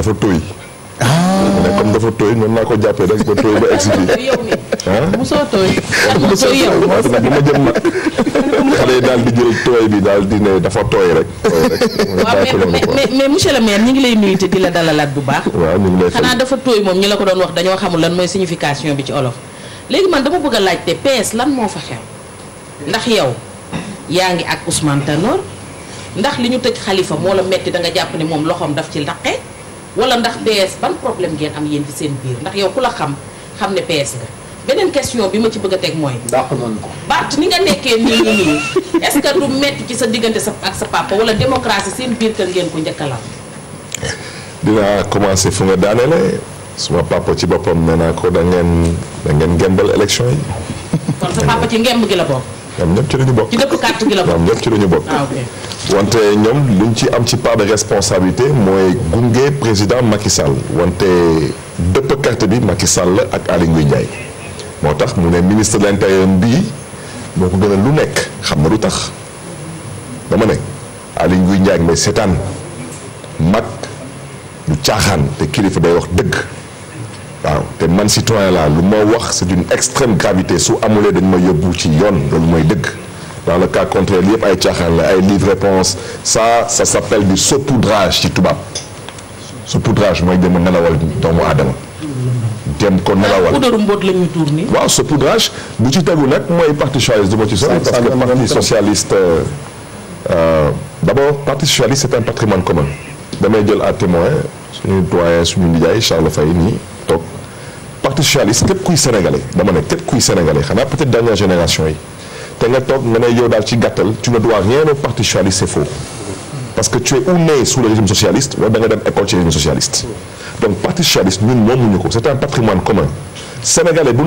dafa tooy. Ah. mais dafa tooy noonu laa ko jàppee rek ba ba excité. ah mosoo tooy. mosoo yow mosoo nag bu bi daal di ne dafa tooy rek. tooy rek mais mais monsieur le maire ñu ngi lay nuyu te di la dalalaat bu baax. waaw ñu moom ñu la ko doon wax dañoo xamul lan mooy signification bi ci olof. léegi man dama bëgg a laajte PS lan moo fa xew ndax yow yaa ngi ak Ousmane Tanor ndax li ñu tëj xalifa moo la metti da nga jàpp ni moom loxoom daf ci laqe. wala ndax PS ban problème ngeen am yéen ci seen biir ndax yow ku la xam xam ne PS nga beneen question bi ma ci bëgg a teg mooy. dàq nañ ko. Bart ni nga nekkee nii nii nii est metti ci sa diggante sa ak sa papa wala démocratie seen biir kër ngeen ko njëkk a dinaa commencé fu nga daanelee suma papa ci boppam nee naa ko da ngeen da ngeen gëmbal yi. kon sa papa ci ngemb gi la bokk. ñoom ñëpp ci la ñu bokk. ci dëkk ci la ñu bokk. Ah, wante ñoom luñ ci am ci part de responsabilité mooy gunge président Macky Sall wante dëpp carte bi Macky Sall ak Aly Ngouille Ndiaye moo tax mu ne ministre de l'intérieur bii moo ko gën lu nekk xam na lu tax dama ne Aly Ngouille Ndiaye may seetaan mag lu caaxaan te kilifa day wax dëgg. waaw te man citoyen laa lu moo wax c'est d'une extrême gravité su amulee dañ ma yóbbu ci yoon loolu mooy dëgg dans le cas contraire yëpp ay caaxaan la ay livre réponse ça ça s'appelle du saupoudrage ci tubaab saupoudrage mooy jëm a nelawal doomu aadama jëm ko nelawal waaw saupoudrage bu ci tegu nag mooy parti socialiste du ma ci sori parce que parti socialiste euh, euh, d'abord parti socialiste c'est un patrimoine commun damay jël à témoin suñu doyen suñu nijaay Charles Faye nii parti socialiste képp kuy sénégalais dama ne képp kuy sénégalais xanaa peut-être ci gàttal tu ne dois rien que tu es ou né sous le régime nga dem école ci régime socialiste donc parti socialiste ñun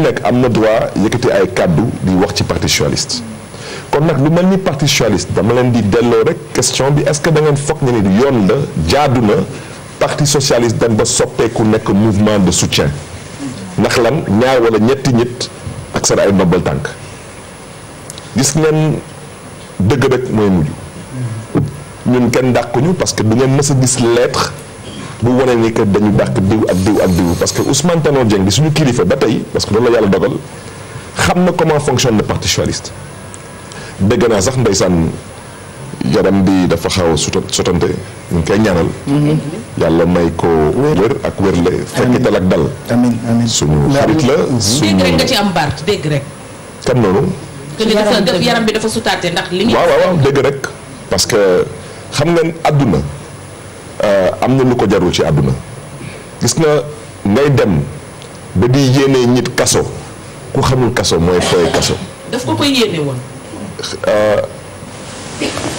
nekk am na droit ay kàddu di wax ci parti socialiste kon nag lu mel ni parti socialiste dama leen di delloo rek question bi est-ce que da ngeen foog ne ni yoon la jaadu na parti socialiste dem ba soppeeku nekk mouvement de soutien ndax lan ñaar wala ñetti nit ak seen ay ndombal tànk gis ngeen dëgg rek mooy mujj ñun kenn dàquñu parce que du ngeen mës a gis lettre bu wane ni que dañu dàq diw ak diw ak diw parce que Ousmane Tanor Dieng di suñu kilifa ba tey parce que loolu la yàlla dogal xam na comment fonctionne le parti socialiste dégg naa sax ndeysaan yaram bi dafa xaw a sotante ñu ngi koy ñaanal. Mhm. yàlla may ko wér ak wérle. amiin fekkital ak dal. suñu xarit la. suñu dégg yaram bi dafa sutaate ndax. li muy waaw waaw dégg rek. parce que xam nga àdduna euh, am na lu ko jarul ci àdduna gis na ngay dem ba di yéene nit kaso ku xamul kaso mooy fooy kaso.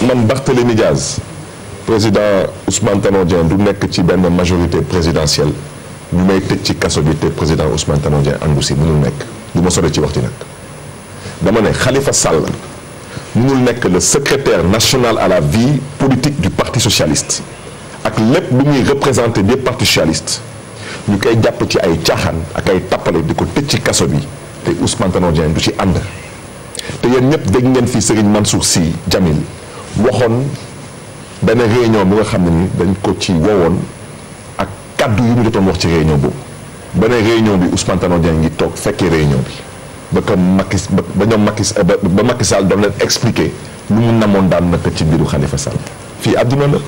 man Barthélémy Diaz président Ousmane Tanor Dieng du nekk ci benn majorité présidentielle ñu may tëj ci kaso bi te président Ousmane Tanor Dieng àndu si mënul nekk du ma sore ci waxtu nag dama ne xalifa Sall mënul nekk le secrétaire national à la vie politique du parti socialiste ak lépp lu ñuy représenté des parti socialistes ñu koy jàpp ci ay caaxaan ak ay tappale di ko tëj ci kaso bi te Ousmane Tanor du ci ànd te yéen ñëpp dégg ngeen fi Serigne Mansour Sy Djamil waxoon benn réunion bi nga xam ne ni dañ ko ci woowoon ak kaddu yu mu jotoon wax ci réunion boobu beneen réunion bi Ousmane Tanor Dieng ngi toog fekkee réunion bi ba ko Macky ba ñoom Macky ba Macky Sall doon leen expliquer lu mu namoon daan naka ci mbiru Khalifa Sall fii àdduna la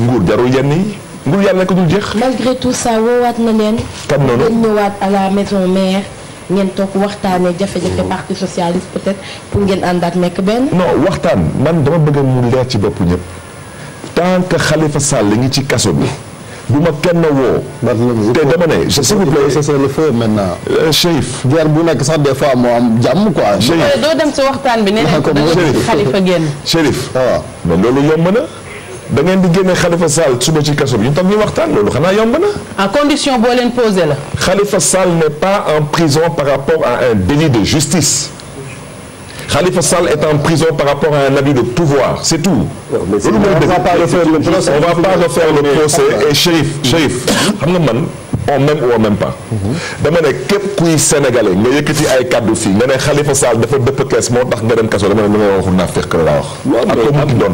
nguur jarul yenn yi nguur yàlla ko dul jeex malgré tout ça woowaat na leen kan noonu ñëwaat à la ngeen toog waxtaanee jafe-jafe mhm. parti socialiste peut pour ngeen àndaat nekk benn. non waxtaan man dama bëgg mu leer ci bopp ñëpp tant que Khalifa Sall ngi ci kaso bi. bu ma kenn woo. te dama ne s'il vous plaît c'est le feu maintenant. Euh, Chérif. guerre bu nekk sax des fois moo am jàmm quoi. Chérif doo dem sa waxtaan bi. nee nañ ko ah, Khalifa génn. Chérif waaw ah. mais loolu yomb na. da ngeen di génne Khalifa Sall suba ci kaso bi ñu toog loolu xanaa yomb na. condition boo leen posé la. Khalifa Sall n'est pas en prison par rapport à un délit de justice. Khalifa Sall est en prison par rapport à un abus de pouvoir c'est tout. on va pas refaire le procès et Chérif Chérif man. on même ou on même pas. dama ne képp kuy sénégalais nga yëkkati ay kaddu fii nga ne Khalifa Sall dafa dëpp kees moo tax nga dem kaso dama ne ma nga wax naafeq la wax. ak ko mu doon.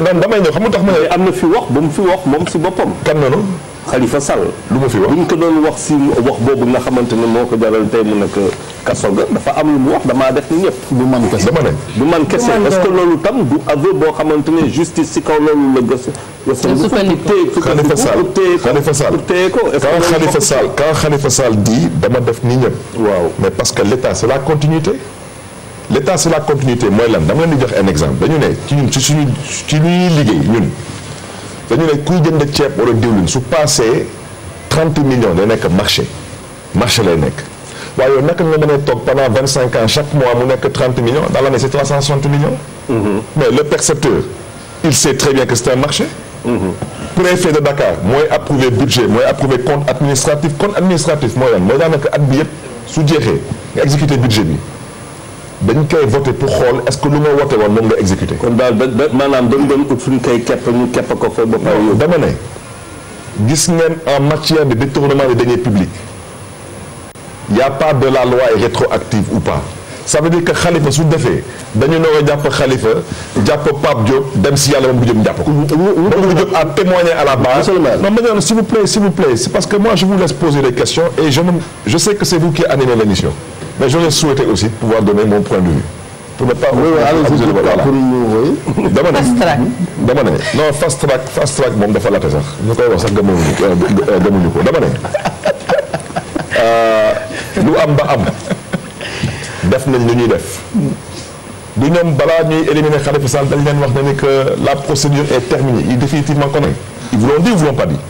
mais damay ñëw xam nga tax ma ne. am na fi wax mu fi wax moom si boppam. kan noonu. Khalifa Sall. lu ma fi wax buñ ko wax si wax boobu nga xamante ne moo ko jaral tey mu nekk kaso dafa am wax damaa def ni ñëpp. du man kese dama ne. man kese est loolu tam du boo xamante ne justice si kaw la gëstu. gëstu sukkandiku Khalifa Sall Khalifa Sall téye ko est-ce que Khalifa Sall quand Khalifa Sall def ni ñëpp. waaw mais parce que l'État c'est la continuité. l'État c'est la continuité mooy lan dama leen di jox un exemple dañu ne ci ñun ci suñu ci ñuy liggéey ñun. dañu ne kuy jënd ceeb wala diwlin su passé 30 millions day nekk marché marché lay nekk waaye yow naka nga a toog pendant 25 ans chaque mois mu nekk 30 millions dans l'année c'est 360 mm-hmm. mais le percepteur il sait très bien que c'est un marché. Mm-hmm. préfet de Dakar mooy approuver budget mooy approuver compte administratif compte administratif mooy lan mooy daanaka at bi yëpp su jeexee nga exécuter bi. dañ koy voté pour xool est-ce que lu ma wote woon moom nga exécuté. kon daal ba ba maanaam en matière de détournement des deniers publics y a pas de la loi est rétroactive ou pas. ça veut dire que xalifa su defee dañu noo a jàpp xalifa jàpp Pape Diop dem si yàlla moom bu jëm jàpp a témoigné à la base. non mais s'il vous plaît s'il vous plaît parce que moi je vous laisse poser des questions et je sais que c'est vous qui animez l'émission. mais j'aurais souhaité aussi pouvoir donner mon point de vue. pour ne pas oui, abuser de voilà dama ne hmm? dama ne non fast track fast track moom dafa laate sax ñu koy wax sax gëmuñu euh, euh, gëmuñu ko dama ne euh, lu am ba am def nañ lu ñuy def du ñoom balaa ñuy éliminer Khalifa Sall dañ leen wax ne ni que la procédure est terminée ils définitivement connaissent ils vous l'ont dit ou vous l'ont pas dit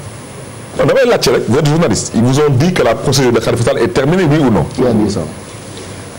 kon damay laajte vous êtes journaliste ils vous ont dit que la procédure de Khalifa est terminée oui ou non.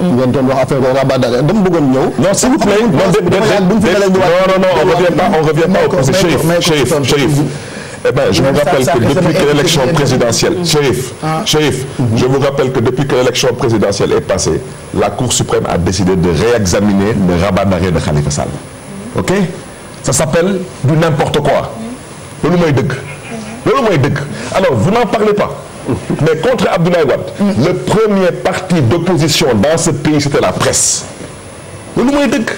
ngeen doon wax affaire rabat d'arrêt dama bëggoon ñëw. non s'il vous plaît non non non on revient pas on revient pas au procès Chérif Chérif Eh bien, je vous rappelle que depuis que l'élection présidentielle Chérif ah. Chérif je vous rappelle que depuis que l'élection présidentielle est passée la Cour suprême a décidé de réexaminer le rabat d'arrêt de Khalifa Sall ok ça s'appelle du n'importe quoi loolu mooy dëgg loolu mooy dëgg alors vous n'en parlez pas mais contre Abdoulaye Wade le premier parti d'opposition dans ce pays c'était la presse loolu mooy dëgg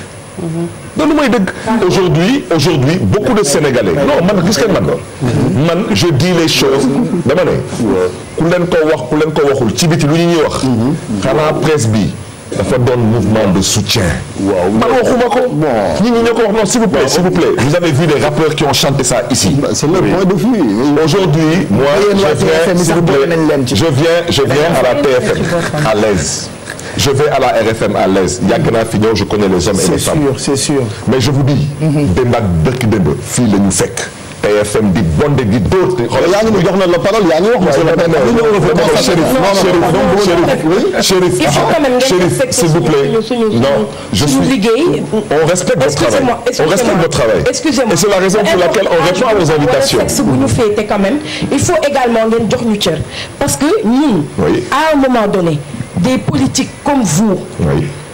loolu mooy dëgg aujourd'hui aujourd'hui beaucoup de Sénégalais non man gis man man je dis les choses dama ne ku leen ko wax ku leen ko waxul ci biti lu ñu ñuy wax xanaa presse bi dafa doon mouvement de soutien. waaw man waxuma ko. bon ñi ñoo ko wax non s'il vous plaît vous avez vu des rappeurs qui ont chanté ici. le point de vue. aujourd'hui moi je viens s'il à la TFM à l'aise je vais à la RFM à l'aise yàgg naa fi ñëw je connais les hommes et les femmes. c'est sûr mais je vous dis. Mhm. démb ak dëkk démb fii la ñu TFM di bonde di dóor. xoolal yaa ngi ñu jox na la parole yaa ngi wax. waaw waaw waaw Chérif Chérif ah, s'il vous plaît non je suis on respecte votre travail on respecte votre travail. et c'est la raison pour laquelle on répond à vos invitations. bu ñu féete quand même il faut également ngeen jox ñu cër parce que ñun. à un moment donné des politiques comme vous.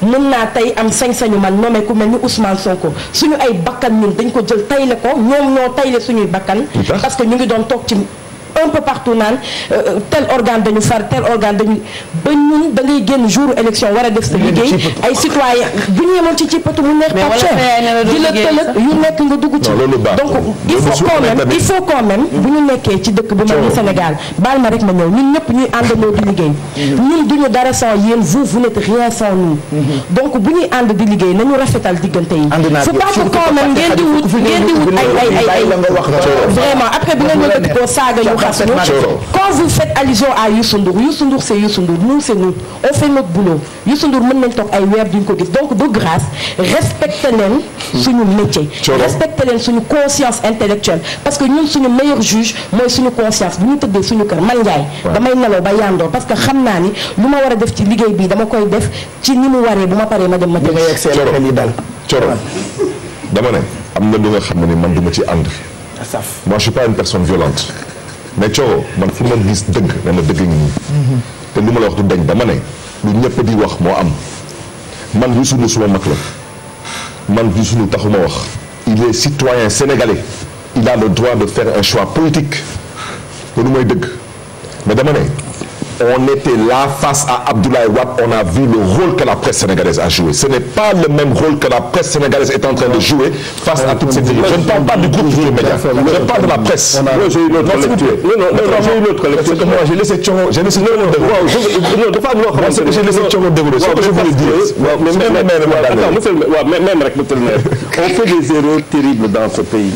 mën naa tey am sañ-sañu man nommé ku mel ni Ousmane Sonko suñu ay bakkan ñun dañ ko jël tayle ko ñoom ñoo tayle suñuy bakkan parce que ñu ngi doon toog ci un peu partout naan euh, euh, tel organe dañu far tel organe dañu ba ñun da ngay génn jour élection war a def sa liggéey ay citoyen bu ñu yemoon ci cippatu mu neex pacce yu nekk nga dugg ci donc il faut quand même bu ñu nekkee ci dëkk bu mel ni Sénégal baal ma rek ma ñëw ñun ñëpp ñuy àndandoo di liggéey ñun duñu dara sans yéen vous vous rien sans nous donc bu ñuy ànd di liggéey nañu rafetal diggante yi c'est pas que quand ngeen di wut ngeen di wut ay ay ay vraiment après parfaitement quand vous faites allusion à Youssou Ndour Youssou Ndour c'est Youssou Ndour nous c'est nous on fait notre boulot Youssou Ndour mën nañ toog ay weer duñ ko gis donc de grâce respecte leen suñu métier respecte leen suñu conscience intellectuelle parce que ñun suñu meilleur juge mooy suñu conscience bu ñu tëddee suñu kër man Ndiaye damay nelaw ba yàndoo parce que xam naa ni lu ma war a def ci liggéey bi dama koy def ci ni mu waree bu ma paree ma dem ma tëdd dal Coro dama ne ci ànd moi je suis pas mais coow man fu ma gis dëgg dama dëgg ngi nii. te li ma la wax du dañ dama ne lu ñëpp di wax moo am man du sunu suma mag la man du sunu taxuma wax. il est citoyen sénégalais il a le droit de faire un choix politique loolu mooy dëgg mais dama ne. on était là face à Abdoulaye Wade on a vu le rôle que la presse sénégalaise a joué ce n'est pas le même rôle que la presse sénégalaise est en train de jouer face à toutes ces dérives je ne parle pas du groupe Futurs Médias je parle de la presse j'ai eu l'autre lecture non non j'ai eu l'autre lecture moi j'ai laissé Thioro j'ai laissé Thioro non dafa am loo xamante ne j'ai laissé Thioro développer ce que je voulais dire waaw même rek on fait des erreurs terribles dans ce pays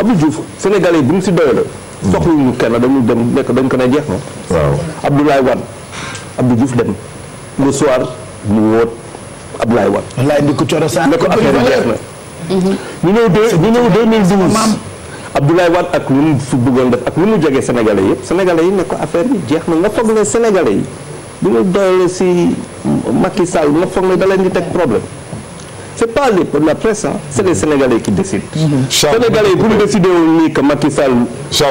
Abdou Diouf sénégalais bu mu si doyoo soxluñu kenn dañu dem nekk dañ ko ne jeex na. waaw Abdoulaye Wade Abdou Diouf dem le soir ñu woot Abdoulaye Wade. walaay ndi ko coro saa ko affaire yi jeex na. Mhm. ñu ñëw deux ñu ñëw deux mille douze. Abdoulaye Wade ak ñun fu ak ñun mu jege Sénégalais yëpp Sénégalais yi ne ko affaire jeex na nga foog ne Sénégalais yi. bi ñu doole si Macky Sall nga foog ne da leen di teg problème. c'est pas les, la presse ah c'est les Sénégalais qui décident. Mhm. Sénégalais yi bu ñu décidé woon nii que Macky Sall.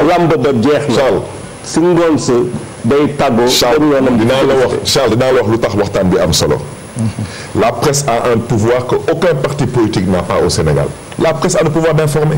làmb ba jeex na. si ngoon Charles wax Charles dinaa la wax lu tax waxtaan bi am solo. Mhm. la presse a un pouvoir que aucun parti politique n'a pas au Sénégal. la presse a le pouvoir d'informer.